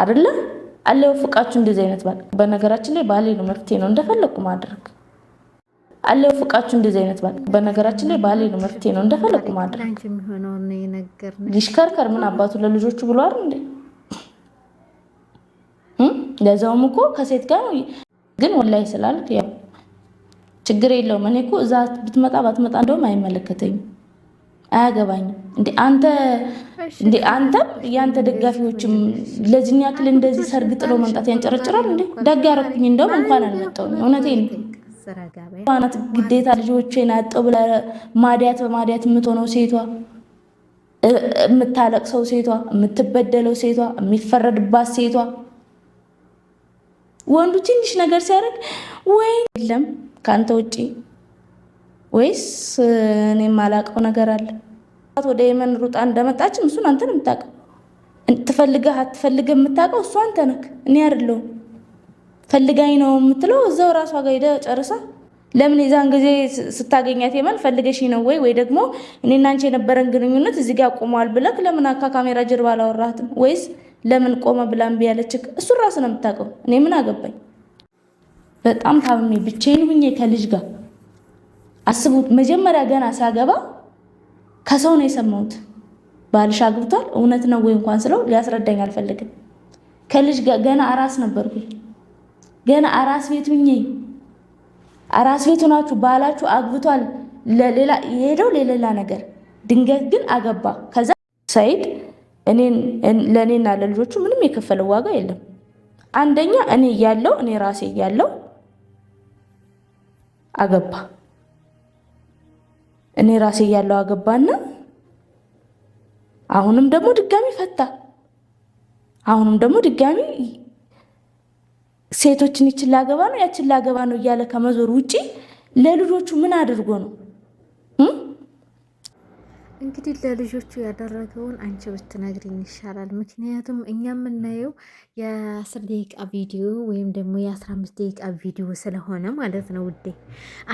አይደለ አለው ፍቃችሁ እንደዚህ አይነት ባል በነገራችን ላይ ባሌ ነው መፍትሄ ነው እንደፈለኩ ማድረግ አለው ፍቃችሁ እንደዚህ አይነት ባል በነገራችን ላይ ባሌ ነው መፍትሄ ነው እንደፈለኩ ማድረግ ሊሽከርከር ምን አባቱ ለልጆቹ ብሏል እንዴ ለዛውም እኮ ከሴት ጋር ነው ግን ወላይ ስላልክ ያው ችግር የለውም እኔ እኮ እዛ ብትመጣ ባትመጣ እንደውም አይመለከተኝም አያገባኝም እንዴ አንተ እንዴ አንተም የአንተ ደጋፊዎችም ለዚህን ያክል እንደዚህ ሰርግ ጥለው መምጣት ያንጨረጭራል እንዴ? ደግ ያረኩኝ እንደውም እንኳን አልመጣሁኝ። ነው። ናት ግዴታ ልጆቼን አጠው ብለ ማዲያት በማዲያት የምትሆነው ሴቷ፣ የምታለቅሰው ሴቷ፣ የምትበደለው ሴቷ፣ የሚፈረድባት ሴቷ። ወንዱ ትንሽ ነገር ሲያደርግ ወይ የለም ከአንተ ውጪ ወይስ እኔ የማላውቀው ነገር አለ? ወደ የመን ሩጣ እንደመጣችም እሱን አንተን የምታውቀው ትፈልገህ አትፈልገህ የምታውቀው እሱ አንተ ነክ እኔ አይደለሁም። ፈልጋኝ ነው የምትለው እዛው ራሷ ጋር ሄደ ጨርሳ። ለምን የዛን ጊዜ ስታገኛት የመን ፈልገሽ ነው ወይ ወይ ደግሞ እኔ አንቺ የነበረን ግንኙነት እዚህ ጋር ቆሟል ብለክ ለምን ካሜራ ጀርባ አላወራትም? ወይስ ለምን ቆመ ብላ እምቢ እሱ እሱን ነው የምታውቀው። እኔ ምን አገባኝ? በጣም ታምሜ ብቻዬን ሁኜ ከልጅ ጋር አስቡት። መጀመሪያ ገና ሳገባ ከሰው ነው የሰማሁት። ባልሽ አግብቷል እውነት ነው ወይ እንኳን ስለው ሊያስረዳኝ አልፈልግም። ከልጅ ገና አራስ ነበርኩኝ። ገና አራስ ቤት ሁኜ አራስ ቤት ሆናችሁ ባላችሁ አግብቷል ለሌላ የሄደው ለሌላ ነገር፣ ድንገት ግን አገባ። ከዛ ሰይድ ለእኔና ለልጆቹ ምንም የከፈለው ዋጋ የለም። አንደኛ እኔ እያለው እኔ ራሴ እያለው አገባ። እኔ ራሴ እያለው አገባና አሁንም ደግሞ ድጋሚ ፈታ። አሁንም ደግሞ ድጋሚ ሴቶችን ይችን ላገባ ነው ያችን ላገባ ነው እያለ ከመዞር ውጪ ለልጆቹ ምን አድርጎ ነው እንግዲህ ለልጆቹ ያደረገውን አንቺ ብትነግሪኝ ይሻላል። ምክንያቱም እኛ የምናየው የአስር ደቂቃ ቪዲዮ ወይም ደግሞ የአስራ አምስት ደቂቃ ቪዲዮ ስለሆነ ማለት ነው። ውዴ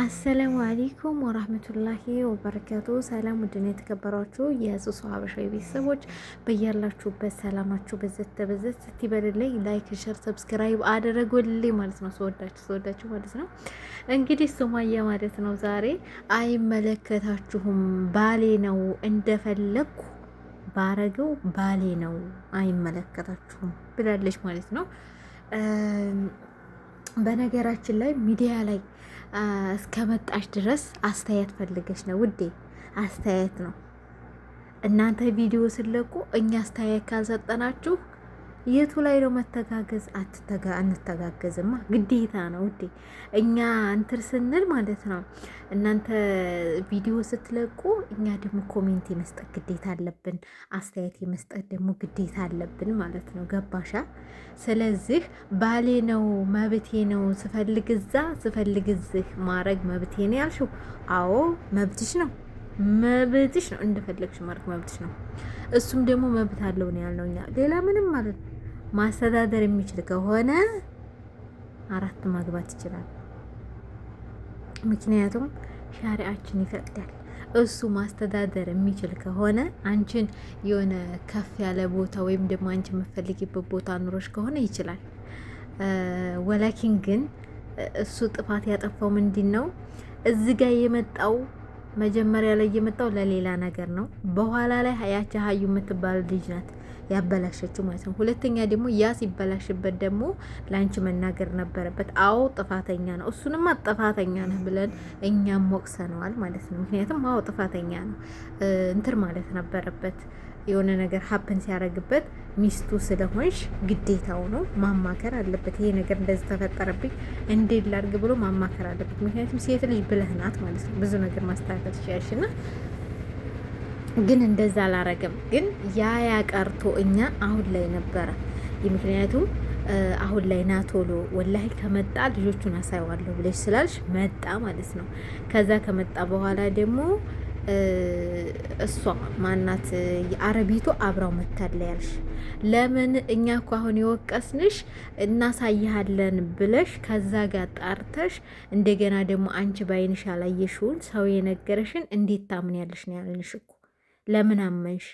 አሰላሙ አሌይኩም ወራህመቱላሂ ወበረከቱ። ሰላም ውድና የተከበሯችሁ የሱሱ ሀበሻዊ ቤተሰቦች በያላችሁበት ሰላማችሁ በዘት ተበዘት ስትበልልኝ፣ ላይክ፣ ሸር፣ ሰብስክራይብ አደረጎልኝ ማለት ነው። ስወዳችሁ ስወዳችሁ ማለት ነው። እንግዲህ ሱማያ ማለት ነው ዛሬ አይመለከታችሁም ባሌ ነው እንደፈለግኩ ባረገው ባሌ ነው አይመለከታችሁም ብላለች ማለት ነው። በነገራችን ላይ ሚዲያ ላይ እስከመጣች ድረስ አስተያየት ፈልገች ነው ውዴ፣ አስተያየት ነው። እናንተ ቪዲዮ ስለቁ እኛ አስተያየት ካልሰጠናችሁ የቱ ላይ ነው መተጋገዝ? አትተጋ አንተጋገዝማ ግዴታ ነው ውዴ። እኛ እንትር ስንል ማለት ነው እናንተ ቪዲዮ ስትለቁ፣ እኛ ደግሞ ኮሜንት የመስጠት ግዴታ አለብን፣ አስተያየት የመስጠት ደግሞ ግዴታ አለብን ማለት ነው። ገባሻ? ስለዚህ ባሌ ነው መብቴ ነው ስፈልግ እዛ ስፈልግ እዚህ ማድረግ መብቴ ነው ያልሽው፣ አዎ መብትሽ ነው። መብትሽ ነው፣ እንደፈለግሽ ማድረግ መብትሽ ነው። እሱም ደግሞ መብት አለው ነው ያልነው እኛ። ሌላ ምንም ማለት ማስተዳደር የሚችል ከሆነ አራት ማግባት ይችላል። ምክንያቱም ሻሪአችን ይፈቅዳል። እሱ ማስተዳደር የሚችል ከሆነ አንቺን የሆነ ከፍ ያለ ቦታ ወይም ደግሞ አንቺ የምትፈልጊበት ቦታ ኑሮች ከሆነ ይችላል። ወላኪን ግን እሱ ጥፋት ያጠፋው ምንድን ነው እዚ ጋር የመጣው መጀመሪያ ላይ የመጣው ለሌላ ነገር ነው። በኋላ ላይ ያቺ ሀዩ የምትባል ልጅ ናት ያበላሸችው ማለት ነው። ሁለተኛ ደግሞ ያ ሲበላሽበት ደግሞ ለአንቺ መናገር ነበረበት። አዎ ጥፋተኛ ነው፣ እሱንማ ጥፋተኛ ነህ ብለን እኛም ወቅሰነዋል ማለት ነው። ምክንያቱም አዎ ጥፋተኛ ነው እንትር ማለት ነበረበት የሆነ ነገር ሀፕን ሲያደርግበት ሚስቱ ስለሆንሽ ግዴታው ነው ማማከር አለበት። ይሄ ነገር እንደዚህ ተፈጠረብኝ እንዴት ላድርግ ብሎ ማማከር አለበት። ምክንያቱም ሴት ልጅ ብለህ ናት ማለት ነው። ብዙ ነገር ማስተካከል ትችያለሽ እና ግን እንደዛ አላረገም። ግን ያ ያቀርቶ እኛ አሁን ላይ ነበረ። ምክንያቱም አሁን ላይ ና ቶሎ ወላሂ ከመጣ ልጆቹን አሳይዋለሁ ብለሽ ስላልሽ መጣ ማለት ነው። ከዛ ከመጣ በኋላ ደግሞ እሷ ማናት የአረቢቱ አብራው መታለያልሽ ለምን እኛ እኮ አሁን የወቀስንሽ እናሳይሃለን ብለሽ ከዛ ጋር ጣርተሽ እንደገና ደግሞ አንቺ ባይንሽ ያላየሽውን ሰው የነገረሽን እንዴት ታምንያለሽ ነው ያለንሽ እኮ ለምን አመንሽ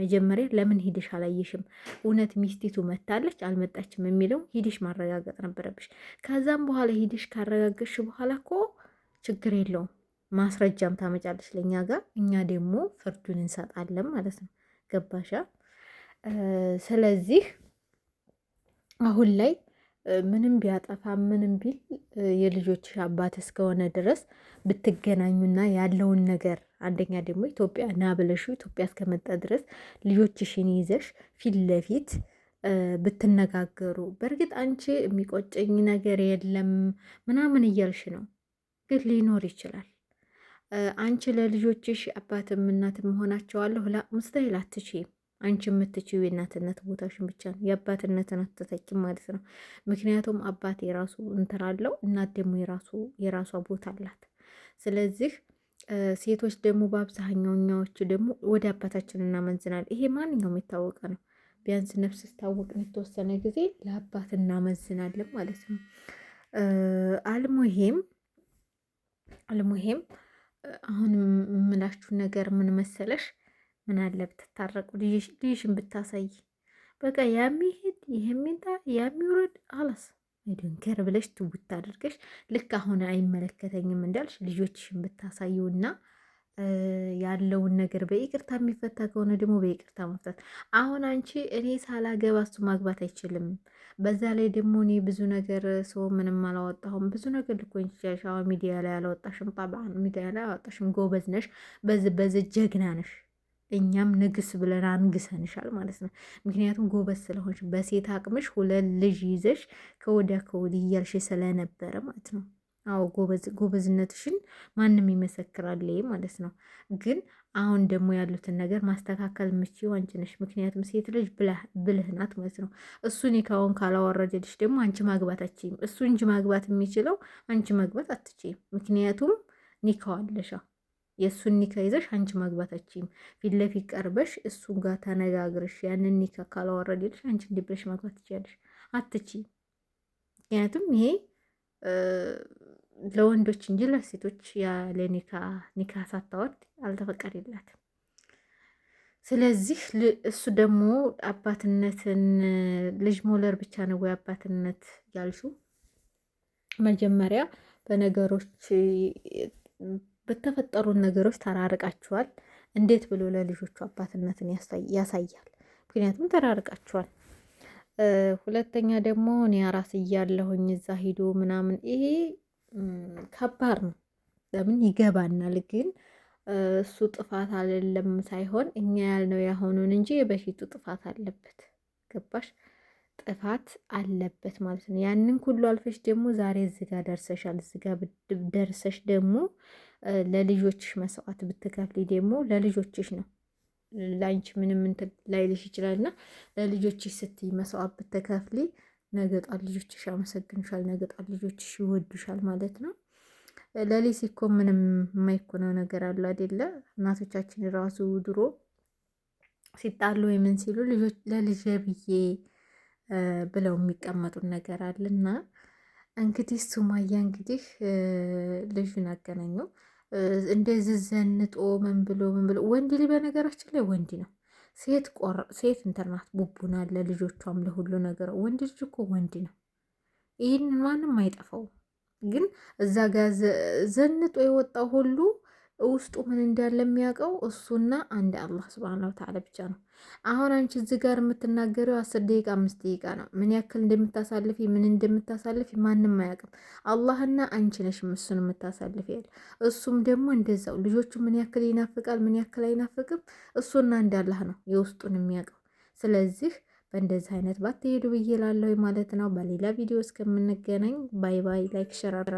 መጀመሪያ ለምን ሂደሽ አላየሽም? እውነት ሚስቲቱ መታለች አልመጣችም የሚለው ሂደሽ ማረጋገጥ ነበረብሽ። ከዛም በኋላ ሂደሽ ካረጋገጥሽ በኋላ እኮ ችግር የለውም። ማስረጃም ታመጫለች ለእኛ ጋር፣ እኛ ደግሞ ፍርዱን እንሰጣለን ማለት ነው። ገባሻ? ስለዚህ አሁን ላይ ምንም ቢያጠፋ ምንም ቢል የልጆችሽ አባት እስከሆነ ድረስ ብትገናኙና ያለውን ነገር አንደኛ ደግሞ ኢትዮጵያ ና ብለሽ ኢትዮጵያ እስከመጣ ድረስ ልጆችሽን ይዘሽ ፊት ለፊት ብትነጋገሩ። በእርግጥ አንቺ የሚቆጨኝ ነገር የለም ምናምን እያልሽ ነው፣ ግን ሊኖር ይችላል አንቺ ለልጆችሽ አባትም እናትም ሆናቸዋለሁ ላ ሙስተሂል አትችይም። አንቺ የምትችዩ የእናትነት ቦታሽን ብቻ ነው። የአባትነትን አትተኪም ማለት ነው። ምክንያቱም አባት የራሱ እንትን አለው፣ እናት ደግሞ የራሷ ቦታ አላት። ስለዚህ ሴቶች ደግሞ በአብዛኛው እኛዎቹ ደግሞ ወደ አባታችን እናመንዝናል። ይሄ ማንኛውም የታወቀ ነው። ቢያንስ ነፍስ ስታወቅ የተወሰነ ጊዜ ለአባት እናመዝናለን ማለት ነው። አልሙሄም አልሙሄም አሁን የምላችሁ ነገር ምን መሰለሽ፣ ምን አለ ብትታረቁ፣ ልጅሽን ብታሳይ፣ በቃ ያሚሄድ ይሄሚንታ ያሚውረድ አላስ ዶንከር ብለሽ ትውት አድርገሽ ልክ አሁን አይመለከተኝም እንዳልሽ ልጆችሽን ብታሳዩና ያለውን ነገር በይቅርታ የሚፈታ ከሆነ ደግሞ በይቅርታ መፍታት። አሁን አንቺ እኔ ሳላገባ እሱ ማግባት አይችልም በዛ ላይ ደግሞ እኔ ብዙ ነገር ሰው ምንም አላወጣሁም። ብዙ ነገር ልኮኝ ሻሻዋ ሚዲያ ላይ አላወጣሽም፣ ጣብዓን ሚዲያ ላይ አላወጣሽም። ጎበዝ ነሽ፣ በዚ በዚ ጀግና ነሽ። እኛም ንግስ ብለን አንግሰንሻል ማለት ነው። ምክንያቱም ጎበዝ ስለሆንሽ በሴት አቅምሽ ሁለት ልጅ ይዘሽ ከወዲያ ከወዲህ እያልሽ ስለነበረ ማለት ነው። አዎ ጎበዝነትሽን ማንም ይመሰክራል ማለት ነው። ግን አሁን ደግሞ ያሉትን ነገር ማስተካከል የምችው አንቺ ነሽ። ምክንያቱም ሴት ልጅ ብልህ ናት ማለት ነው። እሱ ኒካውን ካላወረደልሽ ደግሞ አንቺ ማግባት አትችይም። እሱ እንጂ ማግባት የሚችለው አንቺ ማግባት አትችይም። ምክንያቱም ኒካው አለሻ የእሱን ኒካ ይዘሽ አንቺ ማግባት አትችይም። ፊት ለፊት ቀርበሽ እሱን ጋር ተነጋግርሽ ያንን ኒካ ካላወረደልሽ አንቺ እንዲህ ማግባት ትችያለሽ አትችይም። ምክንያቱም ይሄ ለወንዶች እንጂ ለሴቶች ያለ ኒካ ኒካ ሳታወድ አልተፈቀደላትም። ስለዚህ እሱ ደግሞ አባትነትን ልጅ ሞለር ብቻ ነው ወይ አባትነት ያልሹ መጀመሪያ በነገሮች በተፈጠሩን ነገሮች ተራርቃችኋል። እንዴት ብሎ ለልጆቹ አባትነትን ያሳያል? ምክንያቱም ተራርቃችኋል። ሁለተኛ ደግሞ እኔ አራስ እያለሁኝ እዛ ሂዶ ምናምን ይሄ ከባድ ነው። ለምን ይገባናል፣ ግን እሱ ጥፋት አይደለም ሳይሆን እኛ ያልነው ያሆኑን እንጂ የበፊቱ ጥፋት አለበት። ገባሽ? ጥፋት አለበት ማለት ነው። ያንን ሁሉ አልፈሽ ደግሞ ዛሬ እዚህ ጋር ደርሰሻል። እዚህ ጋር ደርሰሽ ደግሞ ለልጆችሽ መስዋዕት ብትከፍሊ ደግሞ ለልጆችሽ ነው። ለአንቺ ምንም እንትን ላይልሽ ይችላልና ለልጆችሽ ስትይ መስዋዕት ብትከፍሊ ነገ ጧት ልጆችሽ አመሰግንሻል፣ ነገ ጧት ልጆችሽ ይወዱሻል ማለት ነው። ለሊስ እኮ ምንም የማይኮነው ነገር አለ አይደለ? እናቶቻችን ራሱ ድሮ ሲጣሉ ወይምን ሲሉ ልጆች ለልጄ ብዬ ብለው የሚቀመጡን ነገር አለና እንግዲህ ሱማያ እንግዲህ ልጁን አገናኘው እንደ ዝዘንጦ ምን ብሎ ምን ብሎ ወንድ ልጅ በነገራችን ላይ ወንድ ነው ሴት ቆር ሴት እንትናት ቡቡና ለልጆቿም ለሁሉ ነገር ወንድ ልጅ እኮ ወንድ ነው። ይህንን ማንም አይጠፋው። ግን እዛ ጋር ዘንጦ የወጣው ሁሉ ውስጡ ምን እንዳለ የሚያውቀው እሱና አንድ አላህ ስብሃነ ወተዓላ ብቻ ነው። አሁን አንቺ እዚህ ጋር የምትናገረው አስር ደቂቃ አምስት ደቂቃ ነው። ምን ያክል እንደምታሳልፊ ምን እንደምታሳልፊ ማንም አያውቅም። አላህና አንቺ ነሽ እሱን የምታሳልፊ ያለ እሱም ደግሞ እንደዛው ልጆቹ ምን ያክል ይናፍቃል ምን ያክል አይናፍቅም እሱና አንድ አላህ ነው የውስጡን የሚያውቀው። ስለዚህ በእንደዚህ አይነት ባትሄዱ ብዬ እላለሁ ማለት ነው። በሌላ ቪዲዮ እስከምንገናኝ ባይ ባይ። ላይክ ሸራራ